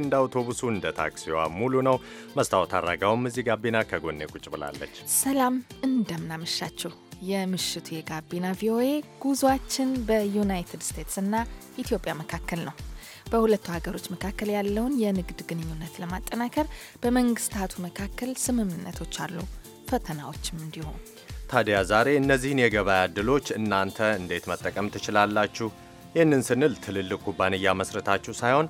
እንደ አውቶቡሱ እንደ ታክሲዋ ሙሉ ነው። መስታወት አራጋውም እዚህ ጋቢና ከጎኔ ቁጭ ብላለች። ሰላም እንደምናመሻችሁ። የምሽቱ የጋቢና ቪኦኤ ጉዟችን በዩናይትድ ስቴትስ እና ኢትዮጵያ መካከል ነው። በሁለቱ ሀገሮች መካከል ያለውን የንግድ ግንኙነት ለማጠናከር በመንግስታቱ መካከል ስምምነቶች አሉ፣ ፈተናዎችም እንዲሁ። ታዲያ ዛሬ እነዚህን የገበያ እድሎች እናንተ እንዴት መጠቀም ትችላላችሁ? ይህንን ስንል ትልልቅ ኩባንያ መስረታችሁ ሳይሆን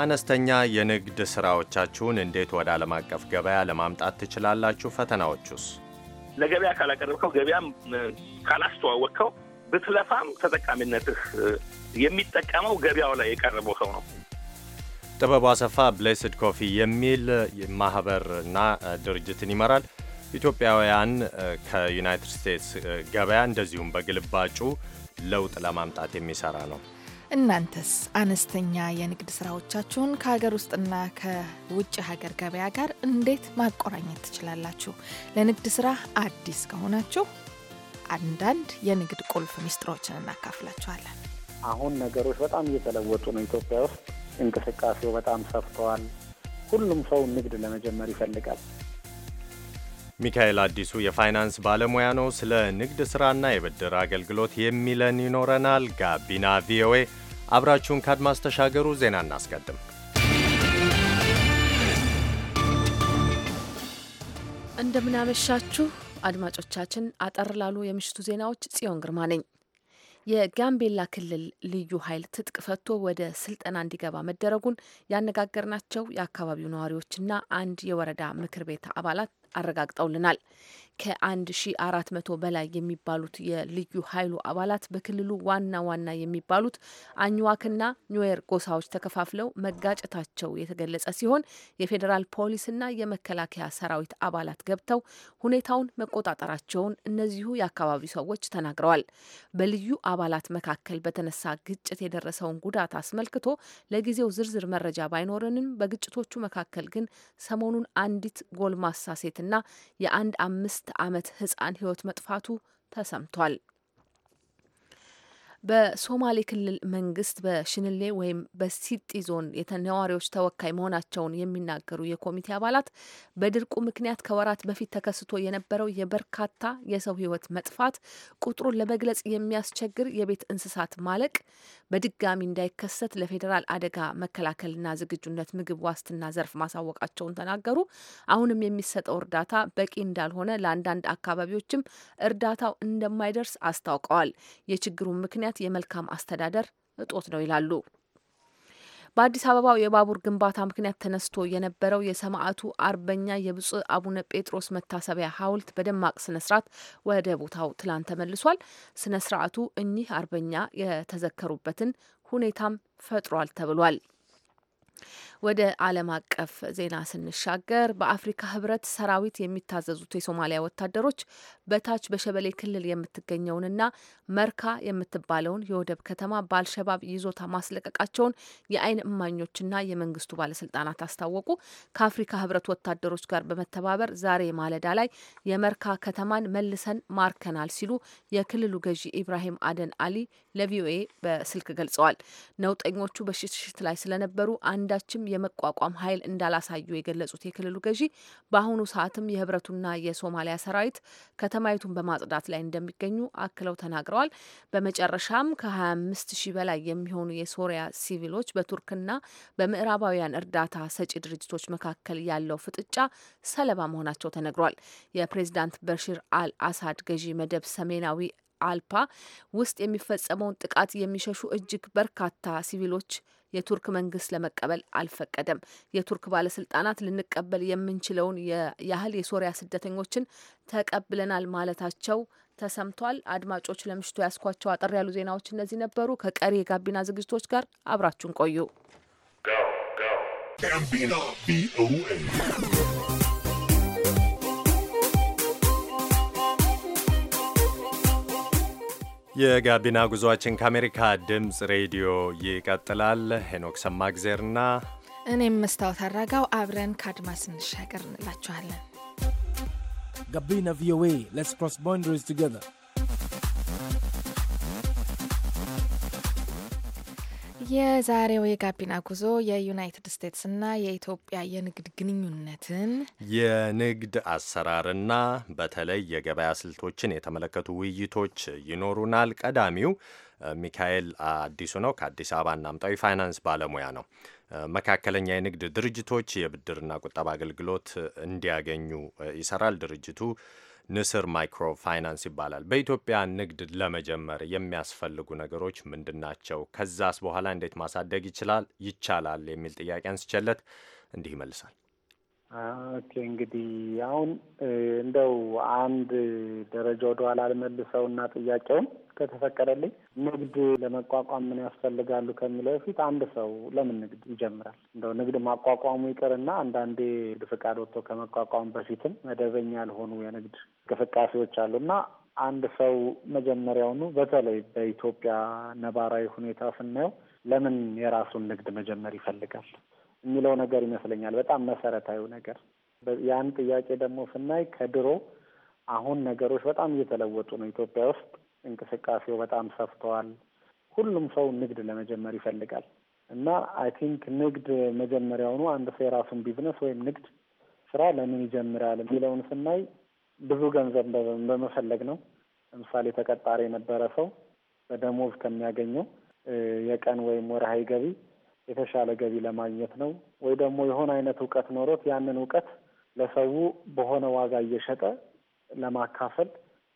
አነስተኛ የንግድ ሥራዎቻችሁን እንዴት ወደ ዓለም አቀፍ ገበያ ለማምጣት ትችላላችሁ? ፈተናዎቹስ? ለገበያ ካላቀረብከው፣ ገበያም ካላስተዋወቅከው፣ ብትለፋም ተጠቃሚነትህ የሚጠቀመው ገበያው ላይ የቀረበው ሰው ነው። ጥበቡ አሰፋ ብሌስድ ኮፊ የሚል ማህበርና ድርጅትን ይመራል። ኢትዮጵያውያን ከዩናይትድ ስቴትስ ገበያ እንደዚሁም በግልባጩ ለውጥ ለማምጣት የሚሰራ ነው። እናንተስ አነስተኛ የንግድ ስራዎቻችሁን ከሀገር ውስጥና ከውጭ ሀገር ገበያ ጋር እንዴት ማቆራኘት ትችላላችሁ? ለንግድ ስራ አዲስ ከሆናችሁ አንዳንድ የንግድ ቁልፍ ሚስጥሮችን እናካፍላችኋለን። አሁን ነገሮች በጣም እየተለወጡ ነው። ኢትዮጵያ ውስጥ እንቅስቃሴው በጣም ሰፍተዋል። ሁሉም ሰው ንግድ ለመጀመር ይፈልጋል። ሚካኤል አዲሱ የፋይናንስ ባለሙያ ነው። ስለ ንግድ ሥራና የብድር አገልግሎት የሚለን ይኖረናል። ጋቢና ቪኦኤ አብራችሁን ካድማስ ተሻገሩ። ዜና እናስቀድም። እንደምናመሻችሁ አድማጮቻችን፣ አጠር ላሉ የምሽቱ ዜናዎች ጽዮን ግርማ ነኝ። የጋምቤላ ክልል ልዩ ኃይል ትጥቅ ፈቶ ወደ ስልጠና እንዲገባ መደረጉን ያነጋገርናቸው የአካባቢው ነዋሪዎችና አንድ የወረዳ ምክር ቤት አባላት አረጋግጠውልናል። ከ1400 በላይ የሚባሉት የልዩ ኃይሉ አባላት በክልሉ ዋና ዋና የሚባሉት አኝዋክና ኒዌር ጎሳዎች ተከፋፍለው መጋጨታቸው የተገለጸ ሲሆን የፌዴራል ፖሊስና የመከላከያ ሰራዊት አባላት ገብተው ሁኔታውን መቆጣጠራቸውን እነዚሁ የአካባቢው ሰዎች ተናግረዋል። በልዩ አባላት መካከል በተነሳ ግጭት የደረሰውን ጉዳት አስመልክቶ ለጊዜው ዝርዝር መረጃ ባይኖረንም በግጭቶቹ መካከል ግን ሰሞኑን አንዲት ጎልማሳ ሴትና የአንድ አምስት ዓመት ህፃን ህይወት መጥፋቱ ተሰምቷል። በሶማሌ ክልል መንግስት በሽንሌ ወይም በሲጢ ዞን ነዋሪዎች ተወካይ መሆናቸውን የሚናገሩ የኮሚቴ አባላት በድርቁ ምክንያት ከወራት በፊት ተከስቶ የነበረው የበርካታ የሰው ሕይወት መጥፋት ቁጥሩን ለመግለጽ የሚያስቸግር የቤት እንስሳት ማለቅ በድጋሚ እንዳይከሰት ለፌዴራል አደጋ መከላከልና ዝግጁነት ምግብ ዋስትና ዘርፍ ማሳወቃቸውን ተናገሩ። አሁንም የሚሰጠው እርዳታ በቂ እንዳልሆነ፣ ለአንዳንድ አካባቢዎችም እርዳታው እንደማይደርስ አስታውቀዋል። የችግሩን ምክንያት ምክንያት የመልካም አስተዳደር እጦት ነው ይላሉ። በአዲስ አበባው የባቡር ግንባታ ምክንያት ተነስቶ የነበረው የሰማዕቱ አርበኛ የብፁዕ አቡነ ጴጥሮስ መታሰቢያ ሐውልት በደማቅ ስነ ስርዓት ወደ ቦታው ትላንት ተመልሷል። ስነ ስርዓቱ እኚህ አርበኛ የተዘከሩበትን ሁኔታም ፈጥሯል ተብሏል። ወደ ዓለም አቀፍ ዜና ስንሻገር በአፍሪካ ህብረት ሰራዊት የሚታዘዙት የሶማሊያ ወታደሮች በታች በሸበሌ ክልል የምትገኘውንና መርካ የምትባለውን የወደብ ከተማ በአልሸባብ ይዞታ ማስለቀቃቸውን የአይን እማኞችና የመንግስቱ ባለስልጣናት አስታወቁ። ከአፍሪካ ህብረት ወታደሮች ጋር በመተባበር ዛሬ ማለዳ ላይ የመርካ ከተማን መልሰን ማርከናል ሲሉ የክልሉ ገዢ ኢብራሂም አደን አሊ ለቪኦኤ በስልክ ገልጸዋል። ነውጠኞቹ በሽሽት ላይ ስለነበሩ አንዳችም የመቋቋም ኃይል እንዳላሳዩ የገለጹት የክልሉ ገዢ በአሁኑ ሰዓትም የህብረቱና የሶማሊያ ሰራዊት ከተማይቱን በማጽዳት ላይ እንደሚገኙ አክለው ተናግረዋል። በመጨረሻም ከ25 ሺህ በላይ የሚሆኑ የሶሪያ ሲቪሎች በቱርክና በምዕራባውያን እርዳታ ሰጪ ድርጅቶች መካከል ያለው ፍጥጫ ሰለባ መሆናቸው ተነግሯል። የፕሬዚዳንት በሽር አል አሳድ ገዢ መደብ ሰሜናዊ አልፓ ውስጥ የሚፈጸመውን ጥቃት የሚሸሹ እጅግ በርካታ ሲቪሎች የቱርክ መንግስት ለመቀበል አልፈቀደም። የቱርክ ባለስልጣናት ልንቀበል የምንችለውን ያህል የሶሪያ ስደተኞችን ተቀብለናል ማለታቸው ተሰምቷል። አድማጮች፣ ለምሽቱ ያስኳቸው አጠር ያሉ ዜናዎች እነዚህ ነበሩ። ከቀሪ የጋቢና ዝግጅቶች ጋር አብራችሁን ቆዩ። የጋቢና ጉዞአችን ከአሜሪካ ድምፅ ሬዲዮ ይቀጥላል። ሄኖክ ሰማግዜርና እኔም መስታወት አራጋው አብረን ከአድማስ እንሻገር እንላችኋለን። ጋቢና ቪኦኤ ሌትስ ክሮስ ባውንደሪስ ቱጌዘር የዛሬው የጋቢና ጉዞ የዩናይትድ ስቴትስና የኢትዮጵያ የንግድ ግንኙነትን፣ የንግድ አሰራርና በተለይ የገበያ ስልቶችን የተመለከቱ ውይይቶች ይኖሩናል። ቀዳሚው ሚካኤል አዲሱ ነው። ከአዲስ አበባ እናምጣዊ ፋይናንስ ባለሙያ ነው። መካከለኛ የንግድ ድርጅቶች የብድርና ቁጠባ አገልግሎት እንዲያገኙ ይሰራል ድርጅቱ። ንስር ማይክሮ ፋይናንስ ይባላል። በኢትዮጵያ ንግድ ለመጀመር የሚያስፈልጉ ነገሮች ምንድን ናቸው? ከዛስ በኋላ እንዴት ማሳደግ ይችላል ይቻላል የሚል ጥያቄ አንስቼለት እንዲህ ይመልሳል። ኦኬ እንግዲህ አሁን እንደው አንድ ደረጃ ወደ ኋላ እና ጥያቄውን ከተፈቀደልኝ ንግድ ለመቋቋም ምን ያስፈልጋሉ ከሚለው በፊት አንድ ሰው ለምን ንግድ ይጀምራል? እንደው ንግድ ማቋቋሙ ይቅርና አንዳንዴ ንግድ ፈቃድ ወጥቶ ከመቋቋሙ በፊትም መደበኛ ያልሆኑ የንግድ እንቅስቃሴዎች አሉና አንድ ሰው መጀመሪያውኑ በተለይ በኢትዮጵያ ነባራዊ ሁኔታ ስናየው ለምን የራሱን ንግድ መጀመር ይፈልጋል? የሚለው ነገር ይመስለኛል በጣም መሰረታዊ ነገር። ያን ጥያቄ ደግሞ ስናይ ከድሮ አሁን ነገሮች በጣም እየተለወጡ ነው። ኢትዮጵያ ውስጥ እንቅስቃሴው በጣም ሰፍተዋል። ሁሉም ሰው ንግድ ለመጀመር ይፈልጋል እና አይ ቲንክ ንግድ መጀመሪያውኑ አንድ ሰው የራሱን ቢዝነስ ወይም ንግድ ስራ ለምን ይጀምራል የሚለውን ስናይ ብዙ ገንዘብ በመፈለግ ነው። ለምሳሌ ተቀጣሪ የነበረ ሰው በደሞዝ ከሚያገኘው የቀን ወይም ወርሃዊ ገቢ የተሻለ ገቢ ለማግኘት ነው ወይ ደግሞ የሆነ አይነት እውቀት ኖሮት ያንን እውቀት ለሰው በሆነ ዋጋ እየሸጠ ለማካፈል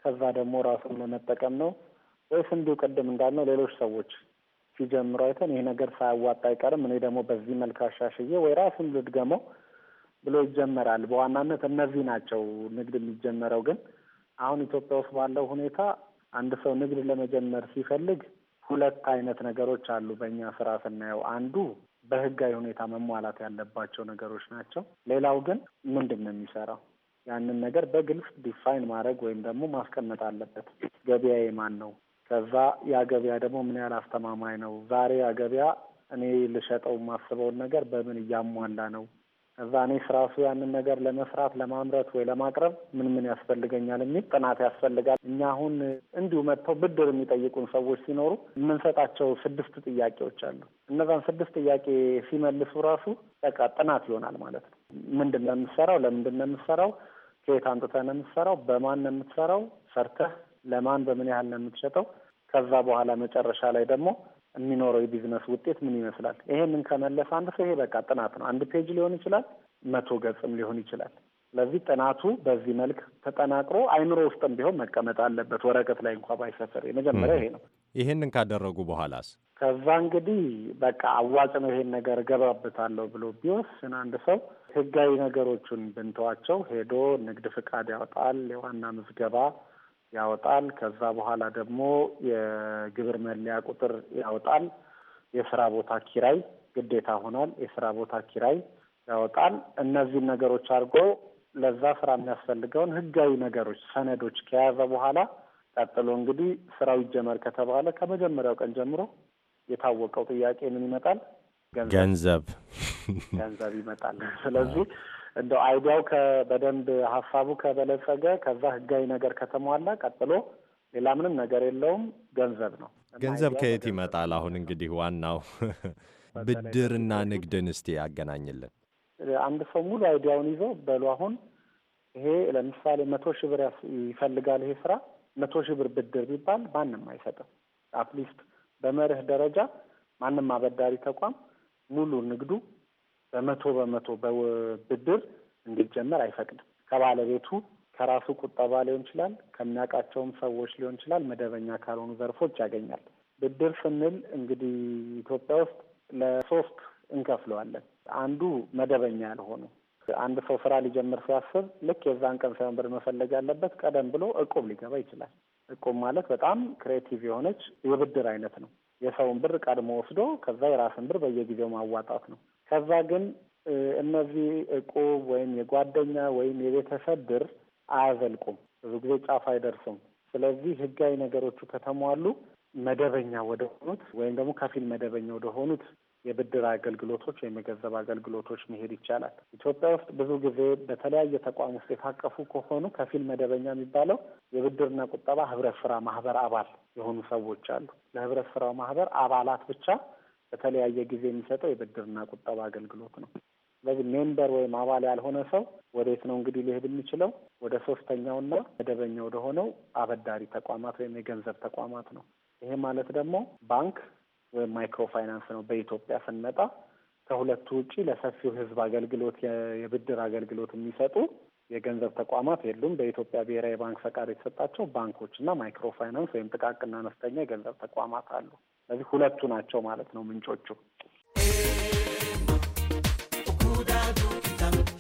ከዛ ደግሞ ራሱን ለመጠቀም ነው ወይስ እንዲሁ ቅድም እንዳልነው ሌሎች ሰዎች ሲጀምሩ አይተን ይሄ ነገር ሳያዋጣ አይቀርም እኔ ደግሞ በዚህ መልክ አሻሽዬ ወይ ራሱን ልድገመው ብሎ ይጀመራል። በዋናነት እነዚህ ናቸው ንግድ የሚጀመረው። ግን አሁን ኢትዮጵያ ውስጥ ባለው ሁኔታ አንድ ሰው ንግድ ለመጀመር ሲፈልግ ሁለት አይነት ነገሮች አሉ በእኛ ስራ ስናየው። አንዱ በህጋዊ ሁኔታ መሟላት ያለባቸው ነገሮች ናቸው። ሌላው ግን ምንድን ነው የሚሰራው ያንን ነገር በግልጽ ዲፋይን ማድረግ ወይም ደግሞ ማስቀመጥ አለበት። ገበያዬ የማን ነው? ከዛ ያ ገበያ ደግሞ ምን ያህል አስተማማኝ ነው? ዛሬ ያ ገበያ እኔ ልሸጠው የማስበውን ነገር በምን እያሟላ ነው? እዛ እኔስ ራሱ ያንን ነገር ለመስራት ለማምረት ወይ ለማቅረብ ምን ምን ያስፈልገኛል የሚል ጥናት ያስፈልጋል። እኛ አሁን እንዲሁ መጥተው ብድር የሚጠይቁን ሰዎች ሲኖሩ የምንሰጣቸው ስድስት ጥያቄዎች አሉ። እነዛን ስድስት ጥያቄ ሲመልሱ ራሱ በቃ ጥናት ይሆናል ማለት ነው። ምንድን ነው የምትሰራው? ለምንድን ነው የምትሰራው? ከየት አምጥተህ ነው የምትሰራው? በማን ነው የምትሰራው? ሰርተህ ለማን በምን ያህል ነው የምትሸጠው? ከዛ በኋላ መጨረሻ ላይ ደግሞ የሚኖረው የቢዝነስ ውጤት ምን ይመስላል? ይሄንን ከመለሰ አንድ ሰው ይሄ በቃ ጥናት ነው። አንድ ፔጅ ሊሆን ይችላል፣ መቶ ገጽም ሊሆን ይችላል። ስለዚህ ጥናቱ በዚህ መልክ ተጠናቅሮ አይምሮ ውስጥም ቢሆን መቀመጥ አለበት፣ ወረቀት ላይ እንኳ ባይሰፈር። የመጀመሪያ ይሄ ነው። ይሄንን ካደረጉ በኋላስ ከዛ እንግዲህ በቃ አዋጭ ነው ይሄን ነገር እገባበታለሁ ብሎ ቢወስን አንድ ሰው ህጋዊ ነገሮቹን ብንተዋቸው ሄዶ ንግድ ፍቃድ ያወጣል፣ የዋና ምዝገባ ያወጣል። ከዛ በኋላ ደግሞ የግብር መለያ ቁጥር ያወጣል። የስራ ቦታ ኪራይ ግዴታ ሆኗል። የስራ ቦታ ኪራይ ያወጣል። እነዚህን ነገሮች አድርጎ ለዛ ስራ የሚያስፈልገውን ህጋዊ ነገሮች፣ ሰነዶች ከያዘ በኋላ ቀጥሎ እንግዲህ ስራው ይጀመር ከተባለ ከመጀመሪያው ቀን ጀምሮ የታወቀው ጥያቄ ምን ይመጣል? ገንዘብ ገንዘብ ይመጣል። ስለዚህ እንደው አይዲያው በደንብ ሀሳቡ ከበለጸገ ከዛ ህጋዊ ነገር ከተሟላ ቀጥሎ ሌላ ምንም ነገር የለውም። ገንዘብ ነው። ገንዘብ ከየት ይመጣል? አሁን እንግዲህ ዋናው ብድርና ንግድን እስቲ ያገናኝልን። አንድ ሰው ሙሉ አይዲያውን ይዞ በሉ አሁን ይሄ ለምሳሌ መቶ ሺህ ብር ይፈልጋል ይሄ ስራ መቶ ሺህ ብር ብድር ቢባል ማንም አይሰጥም። አትሊስት በመርህ ደረጃ ማንም አበዳሪ ተቋም ሙሉ ንግዱ በመቶ በመቶ በብድር እንዲጀመር አይፈቅድም። ከባለቤቱ ከራሱ ቁጠባ ሊሆን ይችላል፣ ከሚያውቃቸውም ሰዎች ሊሆን ይችላል፣ መደበኛ ካልሆኑ ዘርፎች ያገኛል። ብድር ስንል እንግዲህ ኢትዮጵያ ውስጥ ለሶስት እንከፍለዋለን። አንዱ መደበኛ ያልሆኑ አንድ ሰው ስራ ሊጀምር ሲያስብ ልክ የዛን ቀን ሳይሆን ብር መፈለግ ያለበት ቀደም ብሎ እቁብ ሊገባ ይችላል። እቁብ ማለት በጣም ክሬቲቭ የሆነች የብድር አይነት ነው። የሰውን ብር ቀድሞ ወስዶ ከዛ የራስን ብር በየጊዜው ማዋጣት ነው። ከዛ ግን እነዚህ እቁብ ወይም የጓደኛ ወይም የቤተሰብ ብር አያዘልቁም፣ ብዙ ጊዜ ጫፍ አይደርሱም። ስለዚህ ህጋዊ ነገሮቹ ከተሟሉ መደበኛ ወደሆኑት ወይም ደግሞ ከፊል መደበኛ ወደሆኑት የብድር አገልግሎቶች ወይም የገንዘብ አገልግሎቶች መሄድ ይቻላል። ኢትዮጵያ ውስጥ ብዙ ጊዜ በተለያየ ተቋም ውስጥ የታቀፉ ከሆኑ ከፊል መደበኛ የሚባለው የብድርና ቁጠባ ህብረት ስራ ማህበር አባል የሆኑ ሰዎች አሉ። ለህብረት ስራው ማህበር አባላት ብቻ በተለያየ ጊዜ የሚሰጠው የብድርና ቁጠባ አገልግሎት ነው። ስለዚህ ሜምበር ወይም አባል ያልሆነ ሰው ወዴት ነው እንግዲህ ሊሄድ የሚችለው? ወደ ሶስተኛውና መደበኛ ወደሆነው አበዳሪ ተቋማት ወይም የገንዘብ ተቋማት ነው። ይሄ ማለት ደግሞ ባንክ ወይም ማይክሮ ፋይናንስ ነው። በኢትዮጵያ ስንመጣ ከሁለቱ ውጪ ለሰፊው ሕዝብ አገልግሎት የብድር አገልግሎት የሚሰጡ የገንዘብ ተቋማት የሉም። በኢትዮጵያ ብሔራዊ ባንክ ፈቃድ የተሰጣቸው ባንኮች እና ማይክሮ ፋይናንስ ወይም ጥቃቅና አነስተኛ የገንዘብ ተቋማት አሉ። ስለዚህ ሁለቱ ናቸው ማለት ነው ምንጮቹ።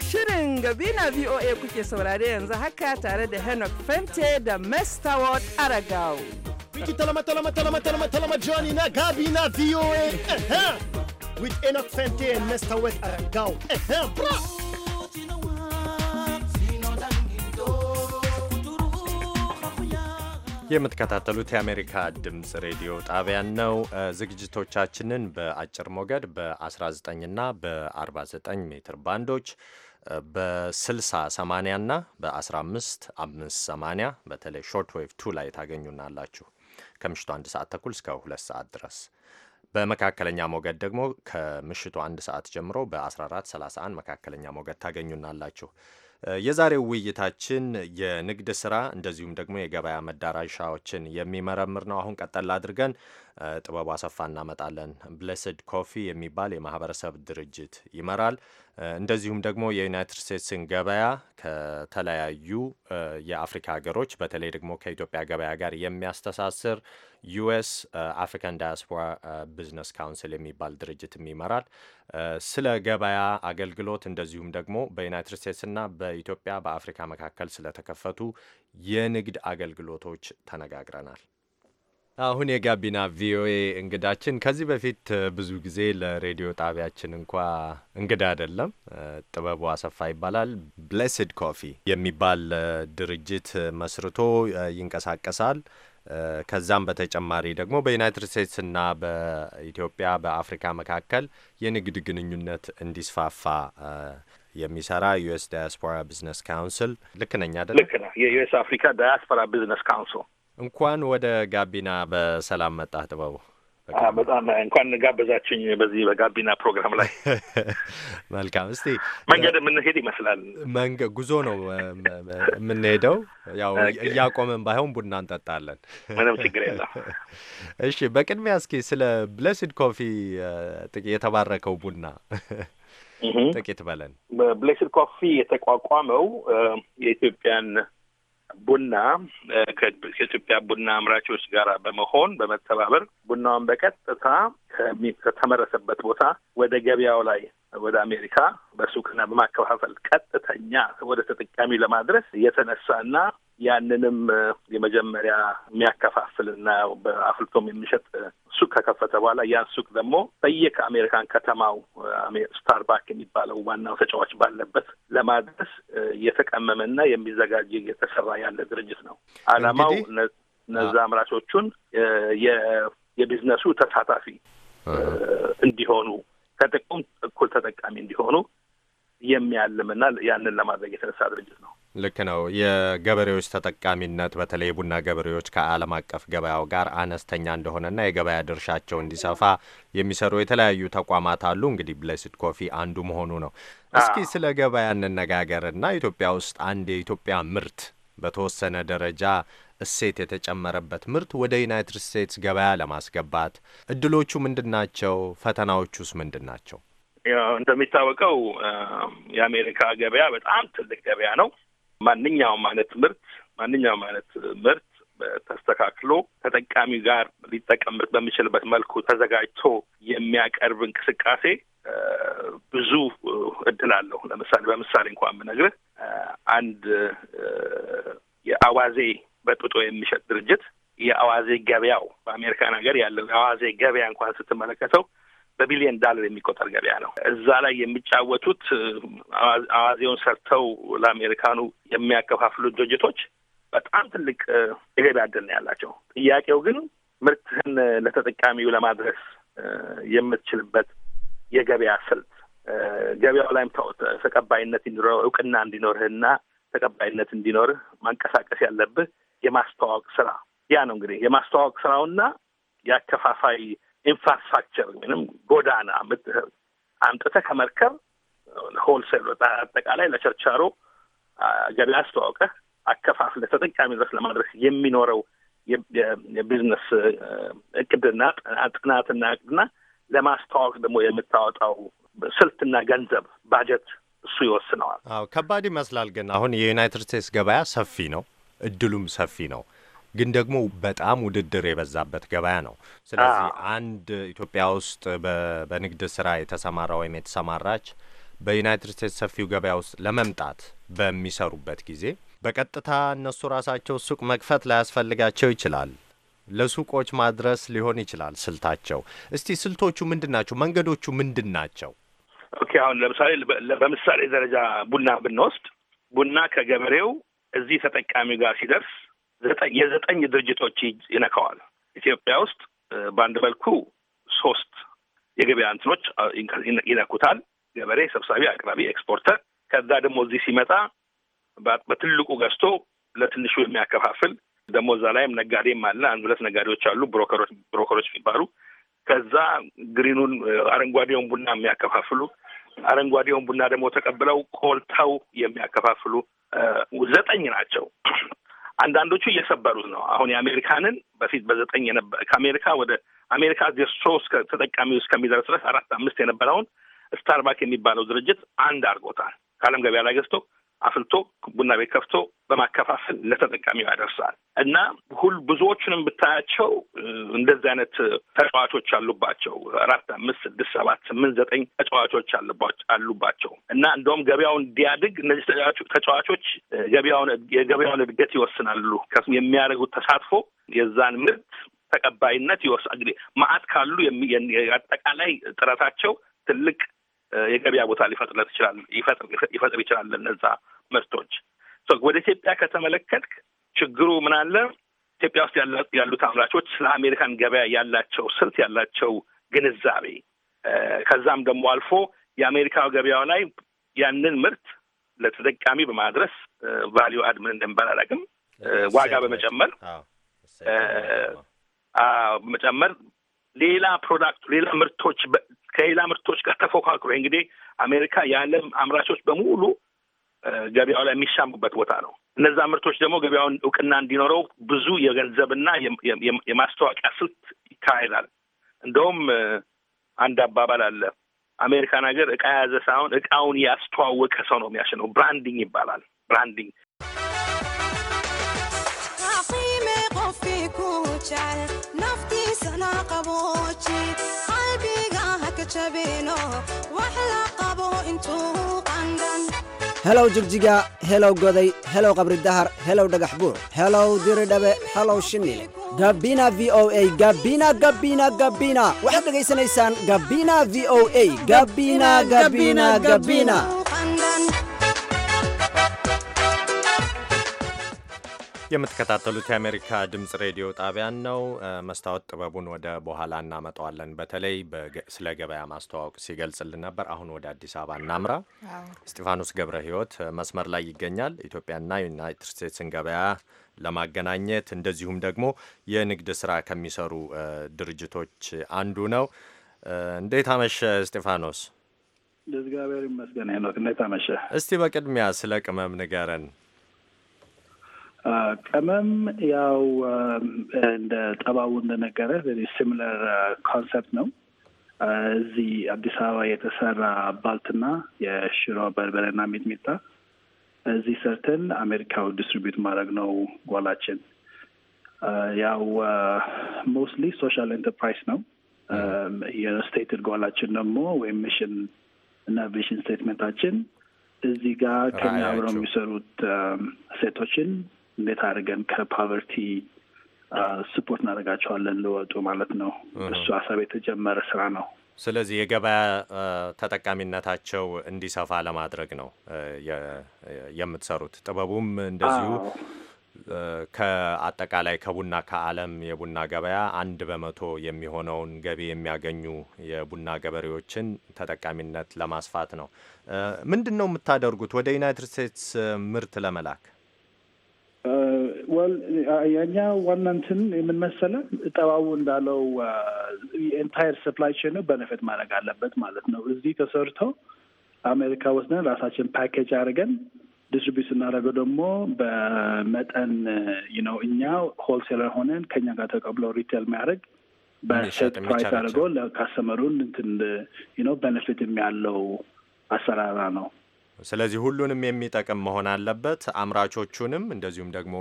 Shirin Gabina VOA kuke saurare yanzu haka tare da Enoch Fente da Mestaward Aragao. Wiki talama talama talama talama talama Johnny na Gabina VOA. Eh, eh. With Enoch Fente and Mestaward Aragao. Eh, የምትከታተሉት የአሜሪካ ድምፅ ሬዲዮ ጣቢያን ነው። ዝግጅቶቻችንን በአጭር ሞገድ በ19 እና በ49 ሜትር ባንዶች በ60 80 እና በ15 580 በተለይ ሾርት ዌቭ ቱ ላይ ታገኙናላችሁ ከምሽቱ አንድ ሰዓት ተኩል እስከ ሁለት ሰዓት ድረስ በመካከለኛ ሞገድ ደግሞ ከምሽቱ አንድ ሰዓት ጀምሮ በ1431 መካከለኛ ሞገድ ታገኙናላችሁ። የዛሬው ውይይታችን የንግድ ስራ እንደዚሁም ደግሞ የገበያ መዳረሻዎችን የሚመረምር ነው። አሁን ቀጠል አድርገን ጥበቡ አሰፋ እናመጣለን። ብለስድ ኮፊ የሚባል የማህበረሰብ ድርጅት ይመራል። እንደዚሁም ደግሞ የዩናይትድ ስቴትስን ገበያ ከተለያዩ የአፍሪካ ሀገሮች በተለይ ደግሞ ከኢትዮጵያ ገበያ ጋር የሚያስተሳስር ዩኤስ አፍሪካን ዳያስፖራ ቢዝነስ ካውንስል የሚባል ድርጅትም ይመራል። ስለ ገበያ አገልግሎት እንደዚሁም ደግሞ በዩናይትድ ስቴትስና በኢትዮጵያ በአፍሪካ መካከል ስለተከፈቱ የንግድ አገልግሎቶች ተነጋግረናል። አሁን የጋቢና ቪኦኤ እንግዳችን ከዚህ በፊት ብዙ ጊዜ ለሬዲዮ ጣቢያችን እንኳ እንግዳ አይደለም። ጥበቡ አሰፋ ይባላል። ብሌስድ ኮፊ የሚባል ድርጅት መስርቶ ይንቀሳቀሳል። ከዛም በተጨማሪ ደግሞ በዩናይትድ ስቴትስና በኢትዮጵያ በአፍሪካ መካከል የንግድ ግንኙነት እንዲስፋፋ የሚሰራ ዩኤስ ዳያስፖራ ቢዝነስ ካውንስል ልክ ነኝ ልክ ነህ። የዩኤስ አፍሪካ ዳያስፖራ ቢዝነስ ካውንስል እንኳን ወደ ጋቢና በሰላም መጣህ ጥበቡ። በጣም እንኳን ጋበዛችሁኝ በዚህ በጋቢና ፕሮግራም ላይ። መልካም። እስቲ መንገድ የምንሄድ ይመስላል። መንገ ጉዞ ነው የምንሄደው። ያው እያቆመን ባይሆን ቡና እንጠጣለን። ምንም ችግር የለም። እሺ፣ በቅድሚያ እስኪ ስለ ብሌስድ ኮፊ የተባረከው ቡና ጥቂት በለን። ብሌስድ ኮፊ የተቋቋመው የኢትዮጵያን ቡና ከኢትዮጵያ ቡና አምራቾች ጋር በመሆን በመተባበር ቡናውን በቀጥታ ከተመረሰበት ቦታ ወደ ገበያው ላይ ወደ አሜሪካ በሱቅና በማከፋፈል ቀጥተኛ ወደ ተጠቃሚው ለማድረስ ና። ያንንም የመጀመሪያ የሚያከፋፍልና በአፍልቶም የሚሸጥ ሱቅ ከከፈተ በኋላ ያን ሱቅ ደግሞ በየከ አሜሪካን ከተማው ስታርባክ የሚባለው ዋናው ተጫዋች ባለበት ለማድረስ የተቀመመና የሚዘጋጅ እየተሰራ ያለ ድርጅት ነው። አላማው እነዛ አምራቾቹን የቢዝነሱ ተሳታፊ እንዲሆኑ ከጥቅም እኩል ተጠቃሚ እንዲሆኑ የሚያልምና ያንን ለማድረግ የተነሳ ድርጅት ነው። ልክ ነው። የገበሬዎች ተጠቃሚነት በተለይ የቡና ገበሬዎች ከዓለም አቀፍ ገበያው ጋር አነስተኛ እንደሆነና የገበያ ድርሻቸው እንዲሰፋ የሚሰሩ የተለያዩ ተቋማት አሉ። እንግዲህ ብሌስድ ኮፊ አንዱ መሆኑ ነው። እስኪ ስለ ገበያ እንነጋገርና ኢትዮጵያ ውስጥ አንድ የኢትዮጵያ ምርት በተወሰነ ደረጃ እሴት የተጨመረበት ምርት ወደ ዩናይትድ ስቴትስ ገበያ ለማስገባት እድሎቹ ምንድን ናቸው? ፈተናዎቹስ ምንድን ናቸው? እንደሚታወቀው የአሜሪካ ገበያ በጣም ትልቅ ገበያ ነው። ማንኛውም አይነት ምርት ማንኛውም አይነት ምርት ተስተካክሎ ተጠቃሚ ጋር ሊጠቀምበት በሚችልበት መልኩ ተዘጋጅቶ የሚያቀርብ እንቅስቃሴ ብዙ እድል አለው። ለምሳሌ በምሳሌ እንኳን ብነግርህ አንድ የአዋዜ በጡጦ የሚሸጥ ድርጅት የአዋዜ ገበያው በአሜሪካን ሀገር ያለው የአዋዜ ገበያ እንኳን ስትመለከተው በቢሊዮን ዳለር የሚቆጠር ገበያ ነው። እዛ ላይ የሚጫወቱት አዋዜውን ሰርተው ለአሜሪካኑ የሚያከፋፍሉ ድርጅቶች በጣም ትልቅ የገበያ ዕድል ነው ያላቸው። ጥያቄው ግን ምርትህን ለተጠቃሚው ለማድረስ የምትችልበት የገበያ ስልት ገበያው ላይም ተቀባይነት እንዲኖረው እውቅና እንዲኖርህና ተቀባይነት እንዲኖርህ ማንቀሳቀስ ያለብህ የማስተዋወቅ ስራ ያ ነው እንግዲህ የማስተዋወቅ ስራውና የአከፋፋይ ኢንፍራስትራክቸር ወይም ጎዳና አምጥተ ከመርከብ ሆልሴል አጠቃላይ ለቸርቻሮ ገበያ አስተዋውቀህ አከፋፍ ተጠቃሚ ድረስ ለማድረስ የሚኖረው የቢዝነስ እቅድና ጥናትና እቅድና ለማስተዋወቅ ደግሞ የምታወጣው ስልትና ገንዘብ ባጀት እሱ ይወስነዋል። አዎ ከባድ ይመስላል። ግን አሁን የዩናይትድ ስቴትስ ገበያ ሰፊ ነው፣ እድሉም ሰፊ ነው። ግን ደግሞ በጣም ውድድር የበዛበት ገበያ ነው። ስለዚህ አንድ ኢትዮጵያ ውስጥ በንግድ ስራ የተሰማራ ወይም የተሰማራች በዩናይትድ ስቴትስ ሰፊው ገበያ ውስጥ ለመምጣት በሚሰሩበት ጊዜ በቀጥታ እነሱ ራሳቸው ሱቅ መክፈት ላያስፈልጋቸው ይችላል። ለሱቆች ማድረስ ሊሆን ይችላል ስልታቸው። እስቲ ስልቶቹ ምንድን ናቸው? መንገዶቹ ምንድን ናቸው? ኦኬ፣ አሁን ለምሳሌ በምሳሌ ደረጃ ቡና ብንወስድ ቡና ከገበሬው እዚህ ተጠቃሚው ጋር ሲደርስ ዘጠኝ የዘጠኝ ድርጅቶች ይነካዋል። ኢትዮጵያ ውስጥ በአንድ መልኩ ሶስት የገበያ እንትኖች ይነኩታል። ገበሬ፣ ሰብሳቢ፣ አቅራቢ፣ ኤክስፖርተር። ከዛ ደግሞ እዚህ ሲመጣ በትልቁ ገዝቶ ለትንሹ የሚያከፋፍል ደግሞ እዛ ላይም ነጋዴም አለ። አንድ ሁለት ነጋዴዎች አሉ፣ ብሮከሮች ብሮከሮች የሚባሉ ከዛ ግሪኑን አረንጓዴውን ቡና የሚያከፋፍሉ አረንጓዴውን ቡና ደግሞ ተቀብለው ቆልተው የሚያከፋፍሉ ዘጠኝ ናቸው። አንዳንዶቹ እየሰበሩት ነው። አሁን የአሜሪካንን በፊት በዘጠኝ ከአሜሪካ ወደ አሜሪካ ሶስት ተጠቃሚው እስከሚደርስ ድረስ አራት አምስት የነበረውን ስታርባክ የሚባለው ድርጅት አንድ አድርጎታል። ከዓለም ገበያ ላይ ገዝቶ አፍልቶ ቡና ቤት ከፍቶ በማከፋፈል ለተጠቃሚው ያደርሳል እና ሁል ብዙዎቹንም ብታያቸው እንደዚህ አይነት ተጫዋቾች አሉባቸው። አራት፣ አምስት፣ ስድስት፣ ሰባት፣ ስምንት፣ ዘጠኝ ተጫዋቾች አሉባቸው እና እንደውም ገበያውን እንዲያድግ እነዚህ ተጫዋቾች ገበያውን የገበያውን እድገት ይወስናሉ። የሚያደርጉት ተሳትፎ የዛን ምርት ተቀባይነት ይወስ እንግዲህ ማአት ካሉ አጠቃላይ ጥረታቸው ትልቅ የገበያ ቦታ ሊፈጥርለት ይችላል ይፈጥር ይችላል ለነዛ ምርቶች ወደ ኢትዮጵያ ከተመለከትክ ችግሩ ምን አለ? ኢትዮጵያ ውስጥ ያሉት አምራቾች ስለ አሜሪካን ገበያ ያላቸው ስልት፣ ያላቸው ግንዛቤ ከዛም ደግሞ አልፎ የአሜሪካ ገበያው ላይ ያንን ምርት ለተጠቃሚ በማድረስ ቫሊዩ አድ ምን ዋጋ በመጨመር በመጨመር ሌላ ፕሮዳክት ሌላ ምርቶች ከሌላ ምርቶች ጋር ተፎካክሮ እንግዲህ አሜሪካ የዓለም አምራቾች በሙሉ ገበያው ላይ የሚሻሙበት ቦታ ነው። እነዛ ምርቶች ደግሞ ገበያውን እውቅና እንዲኖረው ብዙ የገንዘብና የማስታወቂያ ስልት ይካሄዳል። እንደውም አንድ አባባል አለ። አሜሪካን ሀገር እቃ የያዘ ሳይሆን እቃውን ያስተዋወቀ ሰው ነው የሚያሸነው። ብራንዲንግ ይባላል። ብራንዲንግ helow jigjiga helow goday helow qabri dahar helow dhagax buur helow diridhabe helow shinil gabina v o a gabina gabina gabina waxaad dhegaysanaysaan gabina v o a gabina gabina gabina የምትከታተሉት የአሜሪካ ድምፅ ሬዲዮ ጣቢያን ነው። መስታወት ጥበቡን ወደ በኋላ እናመጣዋለን። በተለይ ስለ ገበያ ማስተዋወቅ ሲገልጽልን ነበር። አሁን ወደ አዲስ አበባ እናምራ። እስጢፋኖስ ገብረ ህይወት መስመር ላይ ይገኛል። ኢትዮጵያና ዩናይትድ ስቴትስን ገበያ ለማገናኘት እንደዚሁም ደግሞ የንግድ ስራ ከሚሰሩ ድርጅቶች አንዱ ነው። እንዴት አመሸ እስጢፋኖስ? እግዚአብሔር ይመስገን ሄኖክ፣ እንዴት አመሸ? እስቲ በቅድሚያ ስለ ቅመም ንገረን። ቅመም ያው እንደ ጠባቡ እንደነገረ ሲሚለር ኮንሰፕት ነው። እዚህ አዲስ አበባ የተሰራ ባልትና የሽሮ በርበሬና ሚጥሚጣ እዚህ ሰርተን አሜሪካው ዲስትሪቢዩት ማድረግ ነው ጎላችን። ያው ሞስትሊ ሶሻል ኤንተርፕራይዝ ነው። የስቴትድ ጎላችን ደግሞ ወይም ሚሽን እና ቪዥን ስቴትመንታችን እዚህ ጋር ከኛ አብረው የሚሰሩት ሴቶችን እንዴት አድርገን ከፓቨርቲ ስፖርት እናደርጋቸዋለን ልወጡ ማለት ነው። እሱ ሀሳብ የተጀመረ ስራ ነው። ስለዚህ የገበያ ተጠቃሚነታቸው እንዲሰፋ ለማድረግ ነው የምትሰሩት። ጥበቡም እንደዚሁ ከአጠቃላይ ከቡና ከዓለም የቡና ገበያ አንድ በመቶ የሚሆነውን ገቢ የሚያገኙ የቡና ገበሬዎችን ተጠቃሚነት ለማስፋት ነው። ምንድን ነው የምታደርጉት ወደ ዩናይትድ ስቴትስ ምርት ለመላክ? ወል የእኛ ዋና እንትን የምንመሰለን ጠባቡ እንዳለው የኤንታየር ሰፕላይ ቼን ነው በነፌት ማድረግ አለበት ማለት ነው። እዚህ ተሰርቶ አሜሪካ ወስደን ራሳችን ፓኬጅ አድርገን ዲስትሪቢዩት ስናደርገው ደግሞ በመጠን ነው እኛ ሆልሴለር ሆነን ከኛ ጋር ተቀብለው ሪቴል የሚያደርግ በሴት ፕራይስ አድርገው ለካስተመሩን እንትን ነው በነፌት የሚያለው አሰራራ ነው። ስለዚህ ሁሉንም የሚጠቅም መሆን አለበት። አምራቾቹንም እንደዚሁም ደግሞ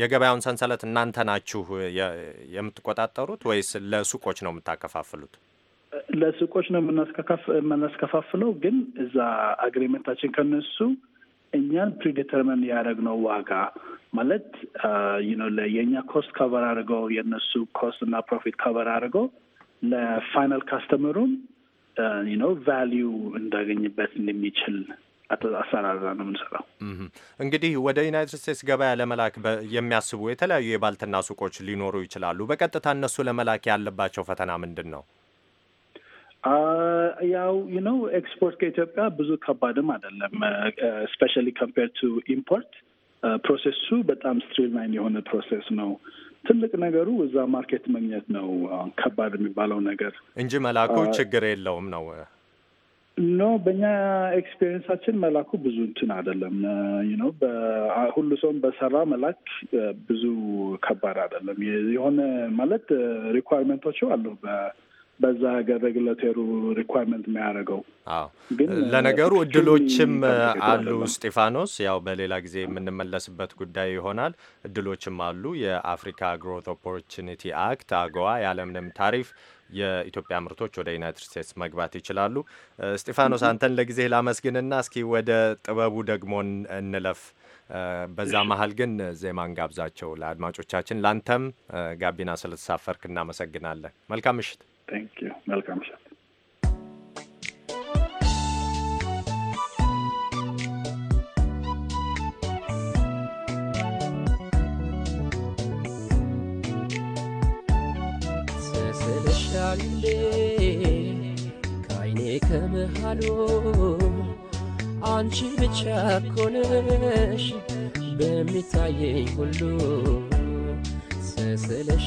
የገበያውን ሰንሰለት እናንተ ናችሁ የምትቆጣጠሩት ወይስ ለሱቆች ነው የምታከፋፍሉት? ለሱቆች ነው የምናስከፋፍለው። ግን እዛ አግሪመንታችን ከነሱ እኛን ፕሪዴተርመን ያደረግነው ዋጋ ማለት የእኛ ኮስት ከቨር አድርገው የእነሱ ኮስት እና ፕሮፊት ከቨር አድርገው ለፋይናል ካስተመሩም ቫሊዩ እንዳገኝበት እንደሚችል አሰራራ ነው የምንሰራው። እንግዲህ ወደ ዩናይትድ ስቴትስ ገበያ ለመላክ የሚያስቡ የተለያዩ የባልትና ሱቆች ሊኖሩ ይችላሉ። በቀጥታ እነሱ ለመላክ ያለባቸው ፈተና ምንድን ነው? ያው ዩ ኤክስፖርት ከኢትዮጵያ ብዙ ከባድም አይደለም፣ ስፔሻሊ ኮምፔር ቱ ኢምፖርት ፕሮሴሱ በጣም ስትሪምላይን የሆነ ፕሮሴስ ነው። ትልቅ ነገሩ እዛ ማርኬት መግኘት ነው ከባድ የሚባለው ነገር እንጂ መላኩ ችግር የለውም ነው ኖ በእኛ ኤክስፔሪንሳችን መላኩ ብዙ እንትን አደለም ነው። ሁሉ ሰውን በሰራ መላክ ብዙ ከባድ አደለም የሆነ ማለት ሪኳርመንቶቹ አሉ በዛ ሀገር ሬግለቴሩ ሪኳርመንት የሚያደርገው ግን ለነገሩ እድሎችም አሉ። ስጢፋኖስ ያው በሌላ ጊዜ የምንመለስበት ጉዳይ ይሆናል። እድሎችም አሉ። የአፍሪካ ግሮት ኦፖርቹኒቲ አክት አገዋ የአለምንም ታሪፍ የኢትዮጵያ ምርቶች ወደ ዩናይትድ ስቴትስ መግባት ይችላሉ። ስጢፋኖስ አንተን ለጊዜ ላመስግንና እስኪ ወደ ጥበቡ ደግሞ እንለፍ። በዛ መሀል ግን ዜማን ጋብዛቸው ለአድማጮቻችን። ላንተም ጋቢና ስለተሳፈርክ እናመሰግናለን። መልካም ምሽት። መልካም ምሽት። አንዴ ከአይኔ ከመሃሉ አንቺ ብቻ ኮነሽ በሚታየኝ ሁሉ ስስልሽ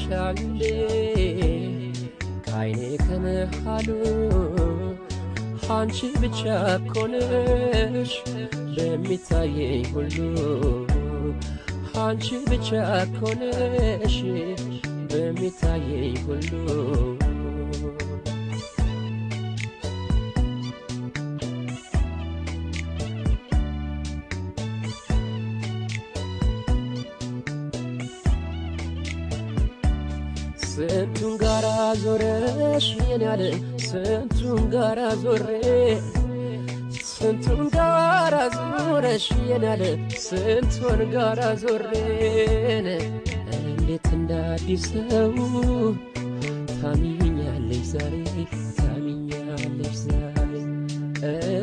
ከአይኔ ከመሃሉ አንቺ ብቻ ኮነሽ በሚታየኝ ሁሉ አንቺ ብቻ ኮነሽ በሚታየኝ ሁሉ ነሽ የኔ ያለ ስንቱን ጋራ ዞሬ ስንቱን ጋራ ዞረሽ ያለ ስንቱን ጋራ ዞሬን እንዴት እንዳዲስ ሰው ታሚኛለሽ ዛሬ ታሚኛለሽ ዛሬ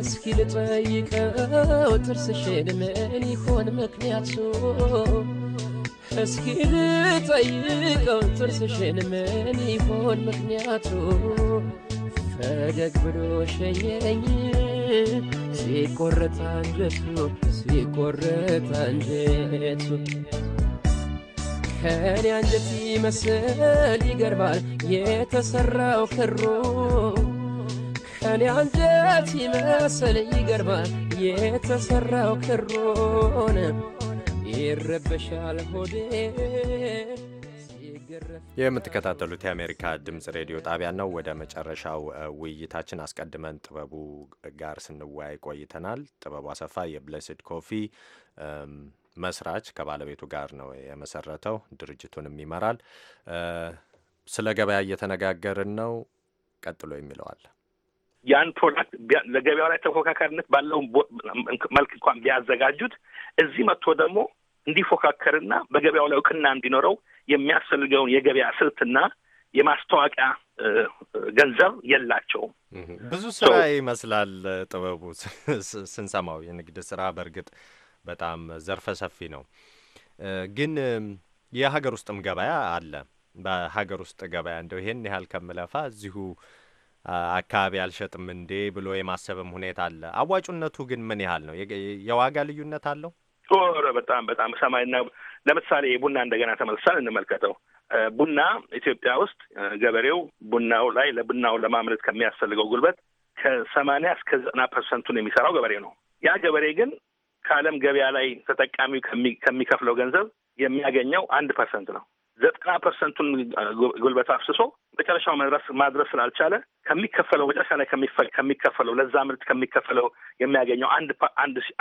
እስኪ ልጠይቀው ጥርስሽን ምን ይሆን ምክንያቱ እስኪ ልጠይቀው ጥርስሽን ምን ይሆን ምክንያቱ? ፈገግ ብሎ ሸኘኝ ሲቆረጥ አንጀቱ ሲቆረጥ አንጀቱ ከኔ አንጀት ይመስል ይገርማል የተሰራው ክሩ ከኔ አንጀት ይመስል ይገርማል የተሰራው ክሩን ይረበሻል ሆዴ። የምትከታተሉት የአሜሪካ ድምፅ ሬዲዮ ጣቢያ ነው። ወደ መጨረሻው ውይይታችን አስቀድመን ጥበቡ ጋር ስንወያይ ቆይተናል። ጥበቡ አሰፋ የብለስድ ኮፊ መስራች ከባለቤቱ ጋር ነው የመሰረተው፣ ድርጅቱንም ይመራል። ስለ ገበያ እየተነጋገርን ነው። ቀጥሎ የሚለዋል ያን ፕሮዳክት ለገበያው ላይ ተፎካካሪነት ባለው መልክ እንኳን ቢያዘጋጁት እዚህ መጥቶ ደግሞ እንዲፎካከርና በገበያው ላይ እውቅና እንዲኖረው የሚያስፈልገውን የገበያ ስልትና የማስታወቂያ ገንዘብ የላቸውም። ብዙ ስራ ይመስላል ጥበቡ ስንሰማው። የንግድ ስራ በእርግጥ በጣም ዘርፈ ሰፊ ነው፣ ግን የሀገር ውስጥም ገበያ አለ። በሀገር ውስጥ ገበያ እንደው ይሄን ያህል ከምለፋ እዚሁ አካባቢ አልሸጥም እንዴ ብሎ የማሰብም ሁኔታ አለ። አዋጩነቱ ግን ምን ያህል ነው? የዋጋ ልዩነት አለው? ጦር በጣም በጣም ሰማይና ለምሳሌ ቡና እንደገና ተመልሳል እንመልከተው። ቡና ኢትዮጵያ ውስጥ ገበሬው ቡናው ላይ ለቡናው ለማምረት ከሚያስፈልገው ጉልበት ከሰማንያ እስከ ዘጠና ፐርሰንቱን የሚሰራው ገበሬ ነው። ያ ገበሬ ግን ከዓለም ገበያ ላይ ተጠቃሚው ከሚከፍለው ገንዘብ የሚያገኘው አንድ ፐርሰንት ነው። ዘጠና ፐርሰንቱን ጉልበት አፍስሶ መጨረሻው መድረስ ማድረስ ስላልቻለ ከሚከፈለው መጨረሻ ላይ ከሚከፈለው ለዛ ምርት ከሚከፈለው የሚያገኘው አንድ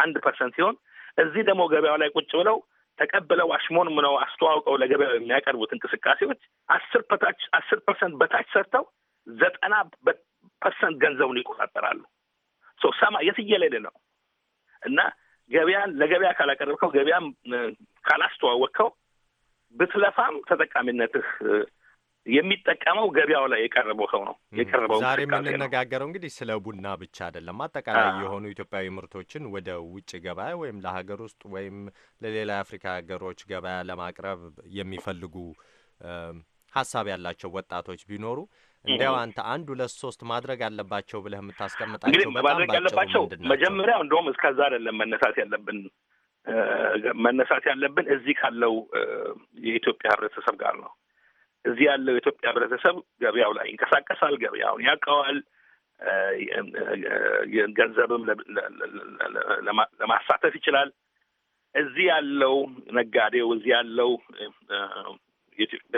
አንድ ፐርሰንት ሲሆን እዚህ ደግሞ ገበያው ላይ ቁጭ ብለው ተቀብለው አሽሞን ምነው አስተዋውቀው ለገበያው የሚያቀርቡት እንቅስቃሴዎች አስር በታች አስር ፐርሰንት በታች ሰርተው ዘጠና ፐርሰንት ገንዘቡን ይቆጣጠራሉ። ሰማ የትየለሌ ነው እና ገበያን ለገበያ ካላቀረብከው ገበያም ካላስተዋወቅከው ብትለፋም ተጠቃሚነትህ የሚጠቀመው ገበያው ላይ የቀረበው ሰው ነው የቀረበው። ዛሬ የምንነጋገረው እንግዲህ ስለ ቡና ብቻ አይደለም። አጠቃላይ የሆኑ ኢትዮጵያዊ ምርቶችን ወደ ውጭ ገበያ ወይም ለሀገር ውስጥ ወይም ለሌላ የአፍሪካ ሀገሮች ገበያ ለማቅረብ የሚፈልጉ ሀሳብ ያላቸው ወጣቶች ቢኖሩ እንዲያው አንተ አንድ ሁለት ሶስት ማድረግ አለባቸው ብለህ የምታስቀምጣቸው እንግዲህ ማድረግ ያለባቸው መጀመሪያ እንደውም እስከዛ አይደለም መነሳት ያለብን መነሳት ያለብን እዚህ ካለው የኢትዮጵያ ህብረተሰብ ጋር ነው እዚህ ያለው የኢትዮጵያ ህብረተሰብ ገበያው ላይ ይንቀሳቀሳል፣ ገበያውን ያውቀዋል። ገንዘብም ለማሳተፍ ይችላል። እዚህ ያለው ነጋዴው እዚህ ያለው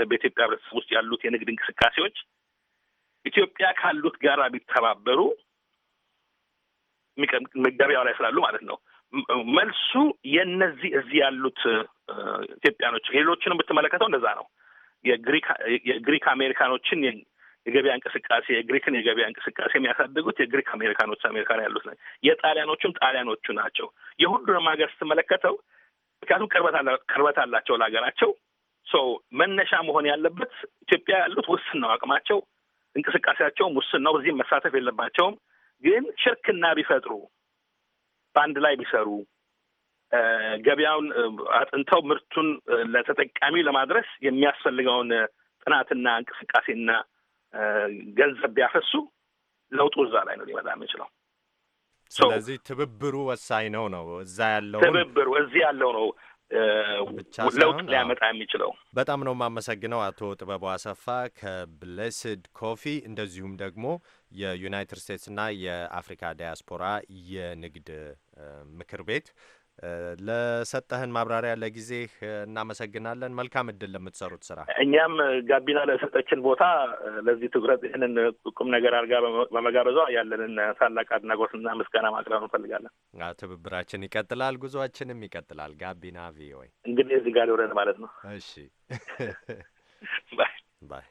በኢትዮጵያ ህብረተሰብ ውስጥ ያሉት የንግድ እንቅስቃሴዎች ኢትዮጵያ ካሉት ጋር ቢተባበሩ ገበያው ላይ ስላሉ ማለት ነው። መልሱ የነዚህ እዚህ ያሉት ኢትዮጵያኖች ሌሎችንም ብትመለከተው እንደዛ ነው። የግሪክ አሜሪካኖችን የገበያ እንቅስቃሴ የግሪክን የገበያ እንቅስቃሴ የሚያሳድጉት የግሪክ አሜሪካኖች አሜሪካን ያሉት ነው። የጣሊያኖቹም ጣሊያኖቹ ናቸው። የሁሉንም ሀገር ስትመለከተው ምክንያቱም ቅርበት አላቸው ለሀገራቸው ሰው መነሻ መሆን ያለበት ኢትዮጵያ ያሉት ውስን ነው አቅማቸው፣ እንቅስቃሴያቸውም ውስን ነው። እዚህም መሳተፍ የለባቸውም። ግን ሽርክና ቢፈጥሩ በአንድ ላይ ቢሰሩ ገበያውን አጥንተው ምርቱን ለተጠቃሚው ለማድረስ የሚያስፈልገውን ጥናትና እንቅስቃሴና ገንዘብ ቢያፈሱ ለውጡ እዛ ላይ ነው ሊመጣ የሚችለው። ስለዚህ ትብብሩ ወሳኝ ነው ነው እዛ ያለው ትብብሩ እዚህ ያለው ነው ለውጥ ሊያመጣ የሚችለው። በጣም ነው የማመሰግነው አቶ ጥበቡ አሰፋ ከብሌስድ ኮፊ እንደዚሁም ደግሞ የዩናይትድ ስቴትስና የአፍሪካ ዲያስፖራ የንግድ ምክር ቤት ለሰጠህን ማብራሪያ ለጊዜህ እናመሰግናለን። መልካም እድል ለምትሰሩት ስራ። እኛም ጋቢና ለሰጠችን ቦታ፣ ለዚህ ትኩረት ይህንን ቁም ነገር አድርጋ በመጋበዟ ያለንን ታላቅ አድናቆትና ምስጋና ማቅረብ እንፈልጋለን። ትብብራችን ይቀጥላል፣ ጉዞአችንም ይቀጥላል። ጋቢና ቪኦኤ እንግዲህ እዚህ ጋር ሊውረን ማለት ነው። እሺ ባይ።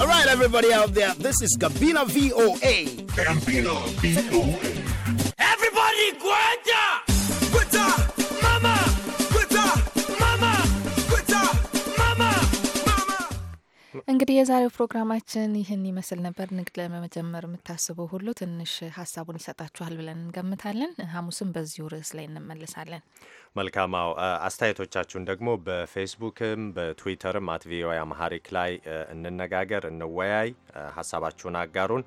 All right, everybody out there, this is Gabina VOA. Gabina VOA. Kikwete! እንግዲህ የዛሬው ፕሮግራማችን ይህን ይመስል ነበር። ንግድ ለመጀመር የምታስበው ሁሉ ትንሽ ሀሳቡን ይሰጣችኋል ብለን እንገምታለን። ሐሙስም በዚሁ ርዕስ ላይ እንመለሳለን። መልካማው አስተያየቶቻችሁን ደግሞ በፌስቡክም በትዊተርም አት ቪኦኤ አማሃሪክ ላይ እንነጋገር፣ እንወያይ፣ ሀሳባችሁን አጋሩን።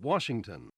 Washington.